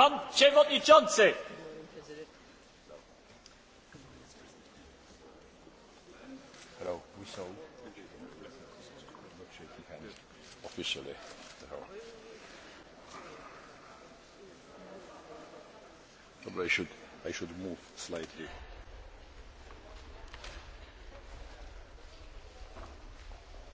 Pan Przewodniczący! Hello, we saw not shaking hands officially. Probably I should, I should move slightly.